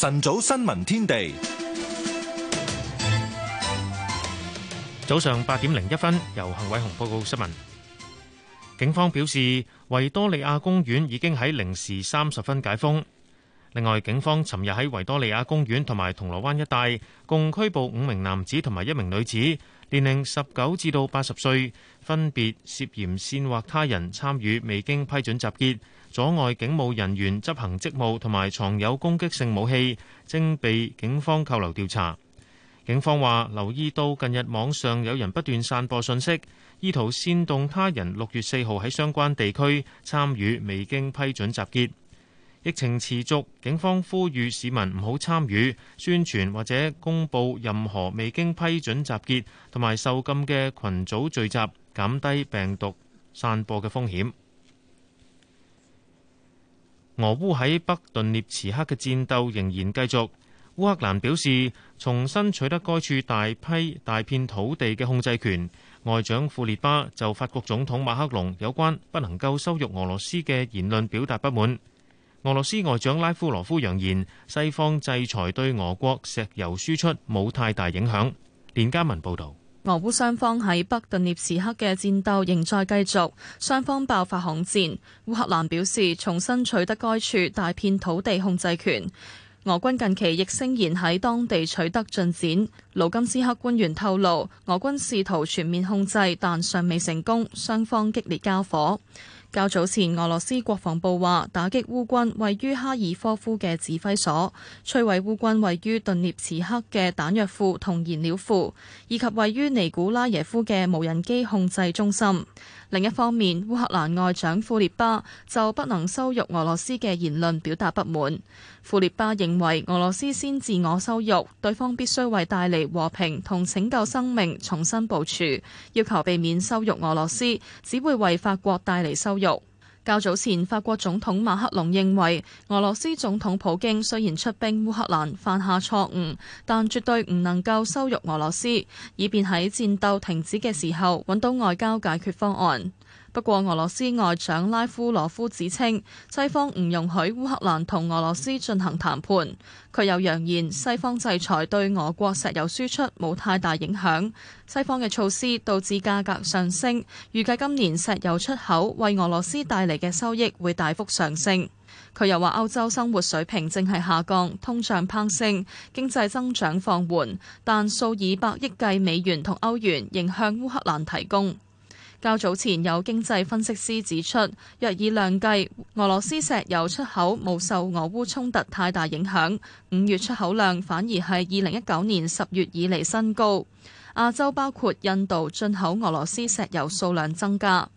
晨早新聞天地，早上八點零一分，由幸偉雄報告新聞。警方表示，維多利亞公園已經喺零時三十分解封。另外，警方尋日喺維多利亞公園同埋銅鑼灣一帶，共拘捕五名男子同埋一名女子。年齡十九至到八十歲，分別涉嫌煽惑他人參與未經批准集結、阻礙警務人員執行職務同埋藏有攻擊性武器，正被警方扣留調查。警方話留意到近日網上有人不斷散播信息，意圖煽動他人六月四號喺相關地區參與未經批准集結。疫情持續，警方呼籲市民唔好參與宣傳或者公佈任何未經批准集結同埋受禁嘅群組聚集，減低病毒散播嘅風險。俄烏喺北頓涅茨克嘅戰鬥仍然繼續。烏克蘭表示重新取得該處大批大片，大片土地嘅控制權。外長庫列巴就法國總統馬克龍有關不能夠羞辱俄羅斯嘅言論表達不滿。俄羅斯外長拉夫羅夫揚言，西方制裁對俄國石油輸出冇太大影響。連家文報道，俄烏雙方喺北頓涅茨克嘅戰鬥仍在繼續，雙方爆發巷戰。烏克蘭表示重新取得該處大片土地控制權，俄軍近期亦聲言喺當地取得進展。盧金斯克官員透露，俄軍試圖全面控制，但尚未成功，雙方激烈交火。較早前，俄羅斯國防部話打擊烏軍位於哈爾科夫嘅指揮所、摧毀烏軍位於頓涅茨克嘅彈藥庫同燃料庫，以及位於尼古拉耶夫嘅無人機控制中心。另一方面，烏克蘭外長庫列巴就不能羞辱俄羅斯嘅言論表達不滿。庫列巴認為俄羅斯先自我羞辱，對方必須為帶嚟。和平同拯救生命重新部署，要求避免羞辱俄羅斯，只會為法國帶嚟羞辱。較早前，法國總統馬克龍認為，俄羅斯總統普京雖然出兵烏克蘭犯下錯誤，但絕對唔能夠羞辱俄羅斯，以便喺戰鬥停止嘅時候揾到外交解決方案。不過，俄羅斯外長拉夫羅夫指稱，西方唔容許烏克蘭同俄羅斯進行談判。佢又揚言，西方制裁對俄國石油輸出冇太大影響。西方嘅措施導致價格上升，預計今年石油出口為俄羅斯帶嚟嘅收益會大幅上升。佢又話，歐洲生活水平正係下降，通脹攀升，經濟增長放緩，但數以百億計美元同歐元仍向烏克蘭提供。較早前有經濟分析師指出，若以量計，俄羅斯石油出口冇受俄烏衝突太大影響，五月出口量反而係二零一九年十月以嚟新高。亞洲包括印度進口俄羅斯石油數量增加。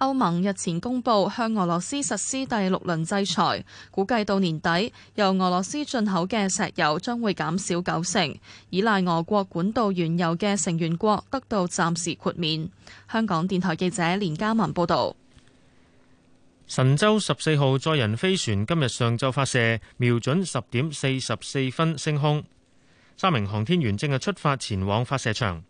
歐盟日前公布向俄羅斯實施第六輪制裁，估計到年底由俄羅斯進口嘅石油將會減少九成，依賴俄國管道原油嘅成員國得到暫時豁免。香港電台記者連加文報道。神舟十四號載人飛船今日上晝發射，瞄準十點四十四分升空，三名航天員正係出發前往發射場。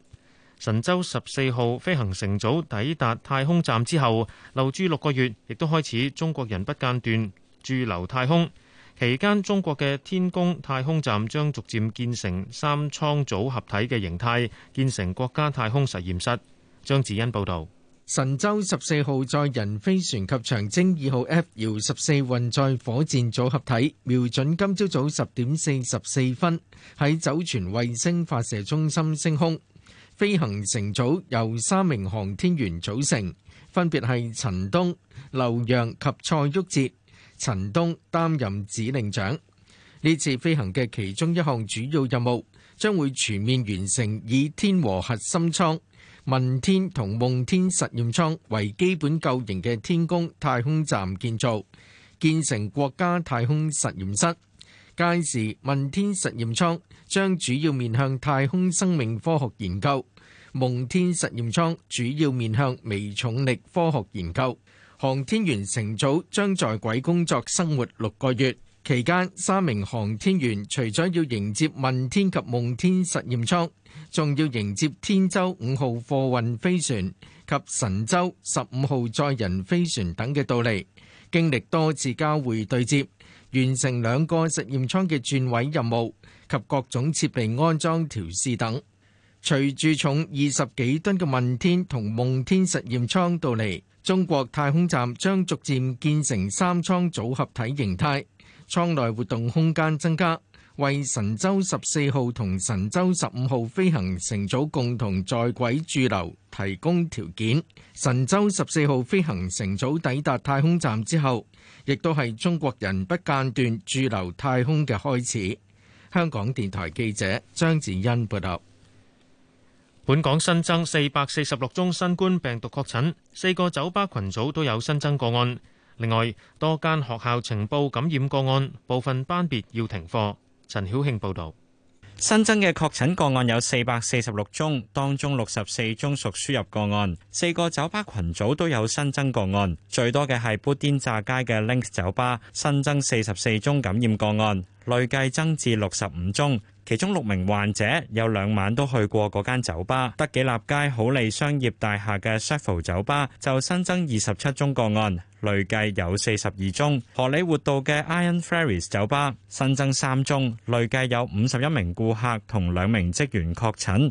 神舟十四號飛行乘組抵達太空站之後，留駐六個月，亦都開始中國人不間斷駐留太空。期間，中國嘅天宮太空站將逐漸建成三艙組合體嘅形態，建成國家太空實驗室。張子欣報道：神舟十四號載人飛船及長征二號 F 遙十四運載火箭組合體瞄準今朝早十點四十四分喺酒泉衛星發射中心升空。飛行乘組由三名航天員組成，分別係陳冬、劉洋及蔡旭哲。陳冬擔任指令長。呢次飛行嘅其中一項主要任務，將會全面完成以天和核心艙、問天同夢天實驗艙為基本構型嘅天宮太空站建造，建成國家太空實驗室。屆時問天實驗艙將主要面向太空生命科學研究，夢天實驗艙主要面向微重力科學研究。航天員乘組將在軌工作生活六個月，期間三名航天員除咗要迎接問天及夢天實驗艙，仲要迎接天舟五號貨運飛船及神舟十五號載人飛船等嘅到嚟，經歷多次交會對接。完成兩個實驗艙嘅轉位任務及各種設備安裝調試等，隨住重二十幾噸嘅問天同夢天實驗艙到嚟，中國太空站將逐漸建成三艙組合體形態，艙內活動空間增加，為神舟十四號同神舟十五號飛行乘組共同在軌駐留，提供條件，神舟十四號飛行乘組抵達太空站之後，亦都係中國人不間斷駐留太空嘅開始。香港電台記者張子欣報道。本港新增四百四十六宗新冠病毒確診，四個酒吧群組都有新增個案，另外多間學校呈報感染個案，部分班別要停課。陳曉慶報道。新增嘅確診個案有四百四十六宗，當中六十四宗屬輸入個案。四個酒吧群組都有新增個案，最多嘅係砵甸乍街嘅 Link 酒吧新增四十四宗感染個案，累計增至六十五宗。其中六名患者有兩晚都去過嗰間酒吧，德己立街好利商業大廈嘅 Shuffle 酒吧就新增二十七宗個案，累計有四十二宗；荷李活道嘅 Iron Fairies 酒吧新增三宗，累計有五十一名顧客同兩名職員確診。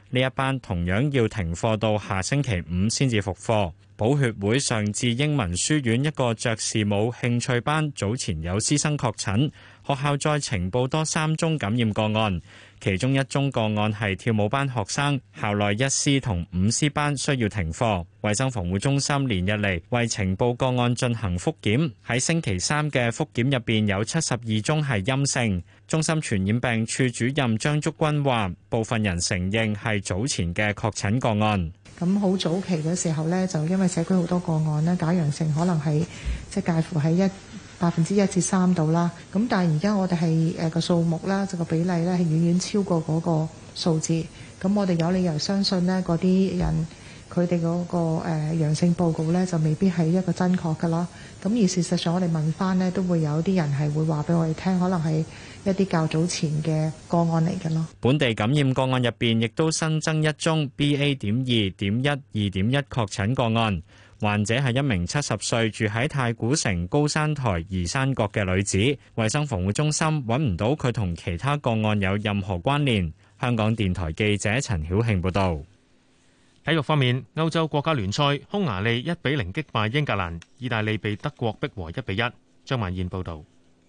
呢一班同樣要停課到下星期五先至復課。寶血會上智英文書院一個爵士舞興趣班，早前有師生確診。學校再呈報多三宗感染個案，其中一宗個案係跳舞班學生，校內一 C 同五 C 班需要停課。衛生防護中心連日嚟，為呈報個案進行復檢，喺星期三嘅復檢入邊有七十二宗係陰性。中心傳染病處主任張竹君話：部分人承認係早前嘅確診個案。咁好早期嘅時候呢，就因為社區好多個案呢假陽性，可能係即係介乎喺一。百分之一至三度啦，咁但係而家我哋係誒個數目啦，就個比例咧，係遠遠超過嗰個數字，咁我哋有理由相信咧，嗰啲人佢哋嗰個誒陽性報告咧就未必係一個真確噶啦，咁而事實上我哋問翻咧都會有啲人係會話俾我哋聽，可能係一啲較早前嘅個案嚟嘅咯。本地感染個案入邊亦都新增一宗 B A. 點二點一二點一確診個案。患者係一名七十歲住喺太古城高山台怡山閣嘅女子，衞生防護中心揾唔到佢同其他個案有任何關聯。香港電台記者陳曉慶報導。體育方面，歐洲國家聯賽，匈牙利一比零擊敗英格蘭，意大利被德國逼和一比一。張曼燕報導。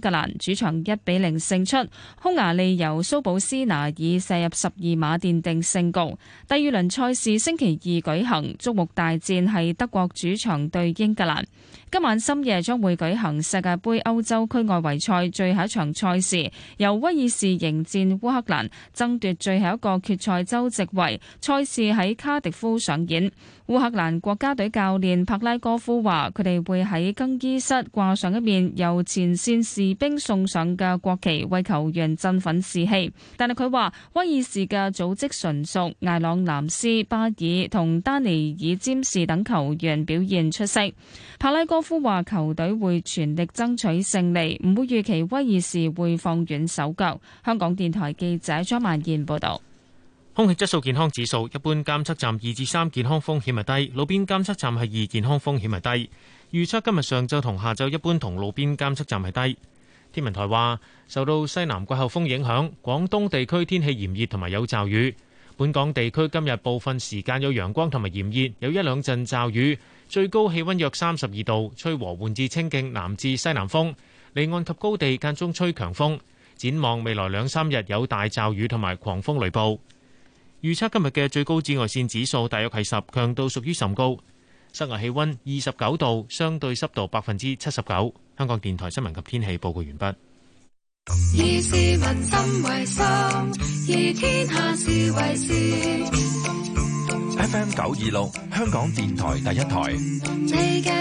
英格蘭主場一比零勝出，匈牙利由蘇保斯拿爾射入十二碼奠定勝局。第二輪賽事星期二舉行，矚目大戰係德國主場對英格蘭。今晚深夜將會舉行世界盃歐洲區外圍賽最後一場賽事，由威爾士迎戰烏克蘭，爭奪最後一個決賽週席位。賽事喺卡迪夫上演。烏克蘭國家隊教練柏拉戈夫話，佢哋會喺更衣室掛上一面由前線士兵送上嘅國旗，為球員振奮士氣。但係佢話威爾士嘅組織純熟，艾朗南斯、巴爾同丹尼爾占士等球員表現出色。柏拉西哥夫話：球隊會全力爭取勝利，唔會預期威爾士會放軟手腳。香港電台記者張萬燕報道。空氣質素健康指數一般監測站二至三，健康風險係低；路邊監測站係二，健康風險係低。預測今日上晝同下晝一般同路邊監測站係低。天文台話，受到西南季候風影響，廣東地區天氣炎熱同埋有驟雨。本港地區今日部分時間有陽光同埋炎熱，有一兩陣驟雨。最高氣溫約三十二度，吹和緩至清勁南至西南風，離岸及高地間中吹強風。展望未來兩三日有大驟雨同埋狂風雷暴。預測今日嘅最高紫外線指數大約係十，強度屬於甚高。室外氣溫二十九度，相對濕度百分之七十九。香港電台新聞及天氣報告完畢。以 FM 九二六，香港電台第一台。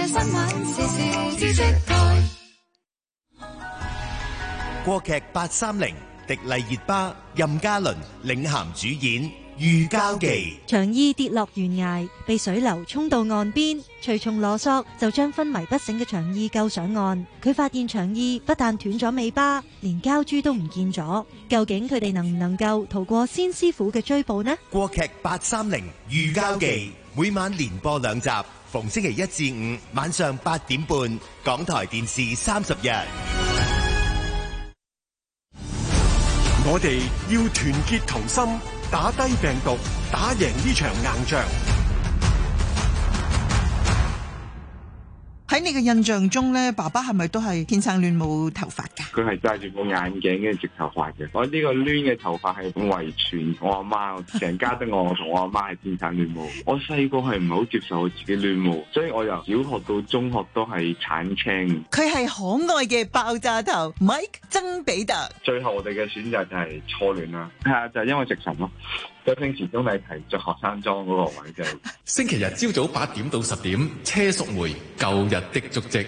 國劇八三零，迪麗熱巴、任嘉倫領銜主演。《魚膠記》長衣跌落懸崖，被水流沖到岸邊，隨從羅索就將昏迷不醒嘅長衣救上岸。佢發現長衣不但斷咗尾巴，連膠珠都唔見咗。究竟佢哋能唔能夠逃過先師傅嘅追捕呢？港劇八三零《魚膠記》每晚連播兩集，逢星期一至五晚上八點半，港台電視三十日。我哋要團結同心。打低病毒，打贏呢場硬仗。喺你嘅印象中咧，爸爸係咪都係天生亂毛頭髮噶？佢係戴住副眼鏡跟住直頭髮嘅。我呢個攣嘅頭髮係遺傳我阿媽，成家得我同我阿媽係天生亂毛。我細個係唔好接受我自己亂毛，所以我由小學到中學都係鏟青。佢係可愛嘅爆炸頭，Mike 曾比特。最後我哋嘅選擇就係初戀啦，係啊，就係、是、因為直神咯。周星馳都你提在學生裝嗰個位就，星期日朝早八點到十點，車淑梅舊日的足跡。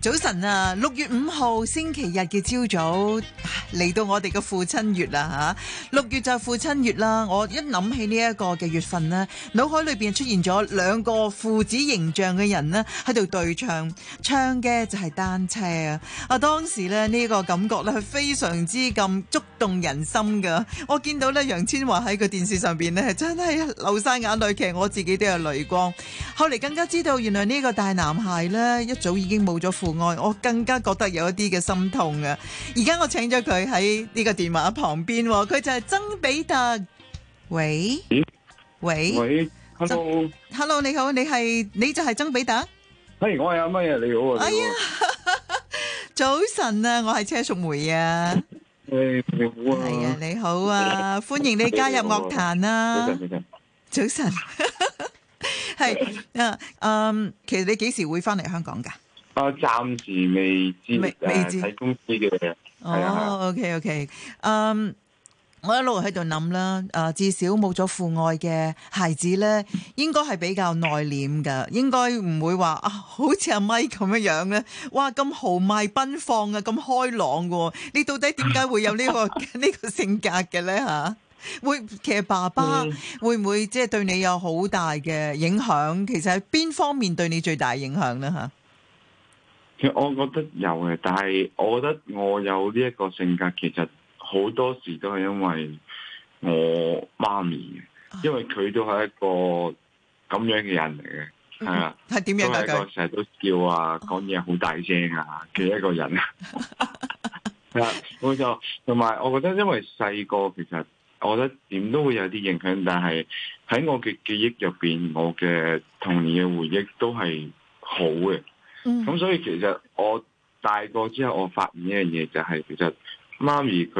早晨啊！六月五號星期日嘅朝早嚟到我哋嘅父親月啦吓，六月就父親月啦。我一諗起呢一個嘅月份咧，腦海裏邊出現咗兩個父子形象嘅人咧喺度對唱，唱嘅就係單車啊！啊當時咧呢個感覺咧係非常之咁觸動人心噶。我見到咧楊千嬅喺個電視上邊咧係真係流晒眼淚，其實我自己都有淚光。後嚟更加知道，原來呢個大男孩咧一早已經冇咗父。我更加覺得有一啲嘅心痛啊！而家我請咗佢喺呢個電話旁邊，佢就係曾比特。喂？咦？喂？喂？hello，hello，你好，你係你就係曾比特？嘿，我係阿乜嘢？你好啊！哎呀，早晨啊，我係車淑梅啊。誒，你好啊！係啊，你好啊！歡迎你加入樂壇啊！早晨，早晨。早晨。係啊，嗯，其實你幾時會翻嚟香港噶？啊，暫時未知，未未知啊，喺公司嘅。哦，OK，OK。嗯，我一路喺度諗啦。啊，至少冇咗父愛嘅孩子咧，應該係比較內斂噶，應該唔會話啊，好似阿咪咁樣樣咧。哇，咁豪邁奔放啊，咁開朗喎，啊！你到底點解會有呢、呢個呢 個性格嘅咧？嚇、啊，會其實爸爸的會唔會即係、就是、對你有好大嘅影響？其實係邊方面對你最大影響咧？嚇？其實我覺得有嘅，但係我覺得我有呢一個性格，其實好多時都係因為我媽咪，因為佢都係一個咁樣嘅人嚟嘅，係啊，係點樣嘅？都係一個成日都叫啊，講嘢好大聲啊嘅一個人啊，係啊，我就同埋我覺得，因為細個其實我覺得點都會有啲影響，但係喺我嘅記憶入邊，我嘅童年嘅回憶都係好嘅。咁所以其實我大個之後，我發現一樣嘢就係其實媽咪。